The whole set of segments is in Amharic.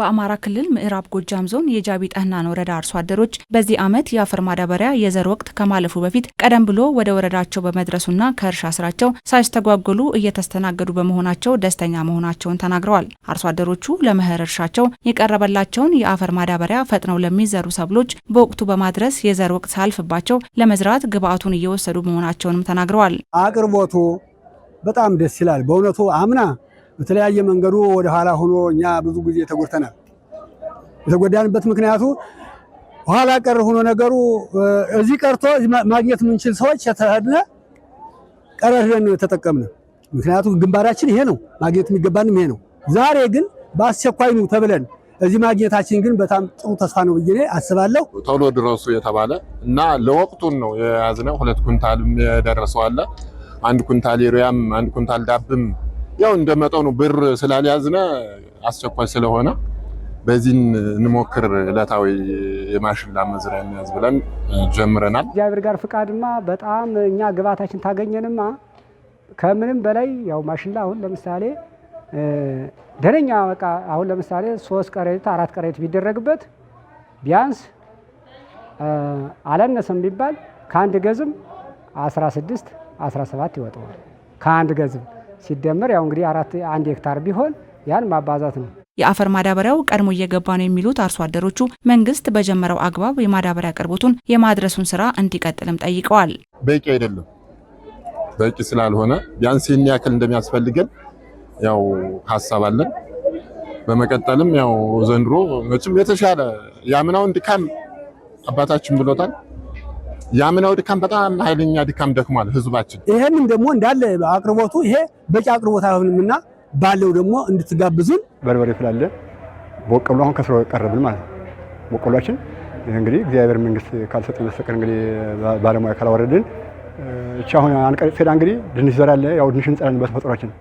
በአማራ ክልል ምዕራብ ጎጃም ዞን የጃቢ ጠህናን ወረዳ አርሶ አደሮች በዚህ ዓመት የአፈር ማዳበሪያ የዘር ወቅት ከማለፉ በፊት ቀደም ብሎ ወደ ወረዳቸው በመድረሱና ከእርሻ ስራቸው ሳይስተጓጎሉ እየተስተናገዱ በመሆናቸው ደስተኛ መሆናቸውን ተናግረዋል። አርሶ አደሮቹ ለመኸር እርሻቸው የቀረበላቸውን የአፈር ማዳበሪያ ፈጥነው ለሚዘሩ ሰብሎች በወቅቱ በማድረስ የዘር ወቅት ሳያልፍባቸው ለመዝራት ግብአቱን እየወሰዱ መሆናቸውንም ተናግረዋል። አቅርቦቱ በጣም ደስ ይላል። በእውነቱ አምና በተለያየ መንገዱ ወደ ኋላ ሆኖ እኛ ብዙ ጊዜ ተጎድተናል። የተጎዳንበት ምክንያቱ ኋላ ቀር ሆኖ ነገሩ እዚህ ቀርቶ ማግኘት የምንችል ሰዎች የተህድነ ቀረድን ተጠቀምነ። ምክንያቱ ግንባራችን ይሄ ነው፣ ማግኘት የሚገባንም ይሄ ነው። ዛሬ ግን በአስቸኳይ ነው ተብለን እዚህ ማግኘታችን ግን በጣም ጥሩ ተስፋ ነው ብዬ አስባለሁ። ቶሎ ድረሱ የተባለ እና ለወቅቱን ነው የያዝነው። ሁለት ኩንታልም የደረሰው አለ። አንድ ኩንታል ዩሪያም አንድ ኩንታል ዳብም ያው እንደ መጠኑ ብር ስላልያዝነ አስቸኳይ ስለሆነ በዚህን እንሞክር እለታዊ የማሽላ መዝሪያ እንያዝ ብለን ጀምረናል። እግዚአብሔር ጋር ፍቃድማ በጣም እኛ ግባታችን ታገኘንማ ከምንም በላይ ያው ማሽላ አሁን ለምሳሌ ደረኛ በቃ አሁን ለምሳሌ ሶስት ቀሬት አራት ቀሬት ቢደረግበት ቢያንስ አላነሰም ቢባል ከአንድ ገዝም 16 17 ይወጣዋል ከአንድ ገዝም ሲደመር ያው እንግዲህ አራት አንድ ሄክታር ቢሆን ያን ማባዛት ነው። የአፈር ማዳበሪያው ቀድሞ እየገባ ነው የሚሉት አርሶ አደሮቹ መንግስት በጀመረው አግባብ የማዳበሪያ አቅርቦቱን የማድረሱን ስራ እንዲቀጥልም ጠይቀዋል። በቂ አይደለም። በቂ ስላልሆነ ቢያንስ ይህን ያክል እንደሚያስፈልገን ያው ሀሳብ አለን። በመቀጠልም ያው ዘንድሮ መቼም የተሻለ የአምናውን ድካም አባታችን ብሎታል ያምናው ድካም በጣም ኃይለኛ ድካም ደክሟል ህዝባችን። ይሄንም ደግሞ እንዳለ አቅርቦቱ ይሄ በቂ አቅርቦት አይሆንምና ባለው ደግሞ እንድትጋብዙን በርበሬ ስላለ በቆሎ አሁን ከስሮ ቀረብን ማለት ነው። በቆሏችን እንግዲህ እግዚአብሔር መንግስት ካልሰጠን በስተቀር እንግዲህ ባለሙያ ካላወረድን እቺ አሁን አንቀጽ ሄዳ እንግዲህ ድንሽ ዘራለ ያው ድንሽ እንጸራንበት በተፈጥሯችን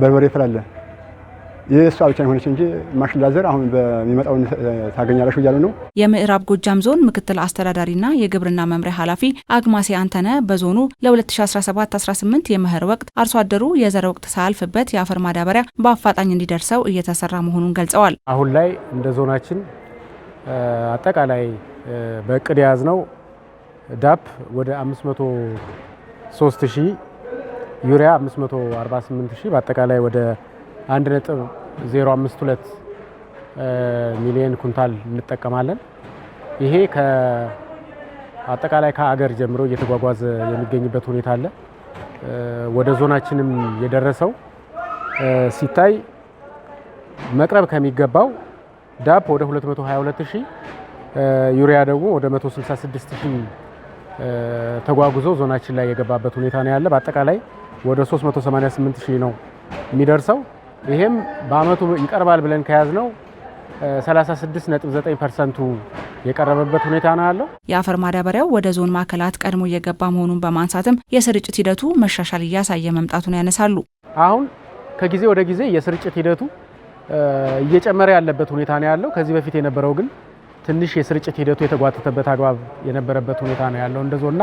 በርበሬ ስላለ የእሷ ብቻ የሆነች እንጂ ማሽላ ዘር አሁን በሚመጣው ታገኛለሽ እያሉ ነው። የምዕራብ ጎጃም ዞን ምክትል አስተዳዳሪና የግብርና መምሪያ ኃላፊ አግማሴ አንተነ በዞኑ ለ2017/18 የመኸር ወቅት አርሶ አደሩ የዘር ወቅት ሳያልፍበት የአፈር ማዳበሪያ በአፋጣኝ እንዲደርሰው እየተሰራ መሆኑን ገልጸዋል። አሁን ላይ እንደ ዞናችን አጠቃላይ በእቅድ የያዝነው ዳፕ ወደ 503 ሺህ ዩሪያ 548 ሺህ በአጠቃላይ ወደ አንድ ነጥብ 052 ሚሊዮን ኩንታል እንጠቀማለን። ይሄ አጠቃላይ ከሀገር ጀምሮ እየተጓጓዘ የሚገኝበት ሁኔታ አለ። ወደ ዞናችንም የደረሰው ሲታይ መቅረብ ከሚገባው ዳፕ ወደ 222 ሺህ ዩሪያ ደግሞ ወደ 166 ሺህ ተጓጉዞ ዞናችን ላይ የገባበት ሁኔታ ነው ያለ። በአጠቃላይ ወደ 388 ሺህ ነው የሚደርሰው። ይሄም በአመቱ ይቀርባል ብለን ከያዝ ነው 36.9 ፐርሰንቱ የቀረበበት ሁኔታ ነው ያለው። የአፈር ማዳበሪያው ወደ ዞን ማዕከላት ቀድሞ እየገባ መሆኑን በማንሳትም የስርጭት ሂደቱ መሻሻል እያሳየ መምጣቱን ያነሳሉ። አሁን ከጊዜ ወደ ጊዜ የስርጭት ሂደቱ እየጨመረ ያለበት ሁኔታ ነው ያለው። ከዚህ በፊት የነበረው ግን ትንሽ የስርጭት ሂደቱ የተጓተተበት አግባብ የነበረበት ሁኔታ ነው ያለው እንደ ዞንና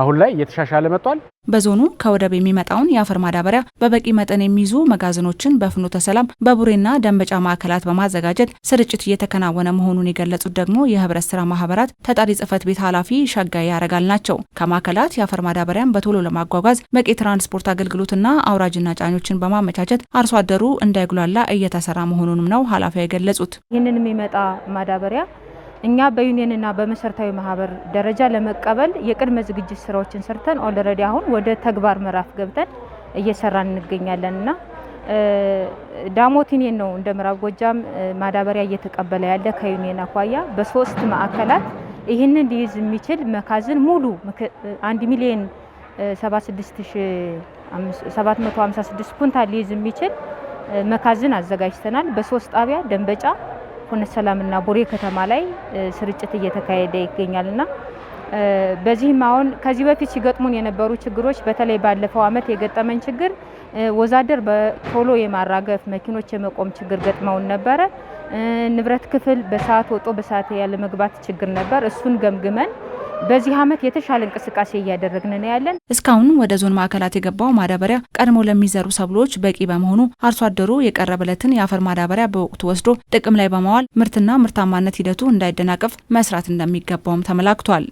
አሁን ላይ እየተሻሻለ መጥቷል። በዞኑ ከወደብ የሚመጣውን የአፈር ማዳበሪያ በበቂ መጠን የሚይዙ መጋዘኖችን በፍኖተ ሰላም በቡሬና ደንበጫ ማዕከላት በማዘጋጀት ስርጭት እየተከናወነ መሆኑን የገለጹት ደግሞ የህብረት ስራ ማህበራት ተጠሪ ጽህፈት ቤት ኃላፊ ሸጋይ ያረጋል ናቸው። ከማዕከላት የአፈር ማዳበሪያን በቶሎ ለማጓጓዝ በቂ ትራንስፖርት አገልግሎትና አውራጅና ጫኞችን በማመቻቸት አርሶ አደሩ እንዳይጉላላ እየተሰራ መሆኑንም ነው ኃላፊ የገለጹት። ይህንን የሚመጣ ማዳበሪያ እኛ እና በመሰረታዊ ማህበር ደረጃ ለመቀበል የቅድመ ዝግጅት ስራዎችን ሰርተን ኦልሬዲ አሁን ወደ ተግባር ምዕራፍ ገብተን እየሰራን እንገኛለንና ዳሞቲኔን ነው እንደ ምዕራብ ጎጃም ማዳበሪያ እየተቀበለ ያለ ከዩኒየን አኳያ በሶስት ማዕከላት ይህንን ሊይዝ የሚችል መካዝን ሙሉ አንድ ሚሊዮን 756 ኩንታል ሊይዝ የሚችል መካዝን አዘጋጅተናል። በሶስት ጣቢያ ደንበጫ ኩነት ሰላምና ቡሬ ከተማ ላይ ስርጭት እየተካሄደ ይገኛልና በዚህም አሁን ከዚህ በፊት ሲገጥሙን የነበሩ ችግሮች በተለይ ባለፈው ዓመት የገጠመን ችግር ወዛደር በቶሎ የማራገፍ መኪኖች የመቆም ችግር ገጥመውን ነበረ። ንብረት ክፍል በሰዓት ወጦ በሰዓት ያለመግባት ችግር ነበር። እሱን ገምግመን በዚህ ዓመት የተሻለ እንቅስቃሴ እያደረግን ነው ያለን። እስካሁን ወደ ዞን ማዕከላት የገባው ማዳበሪያ ቀድሞ ለሚዘሩ ሰብሎች በቂ በመሆኑ አርሶ አደሩ የቀረበለትን የአፈር ማዳበሪያ በወቅቱ ወስዶ ጥቅም ላይ በማዋል ምርትና ምርታማነት ሂደቱ እንዳይደናቀፍ መስራት እንደሚገባውም ተመላክቷል።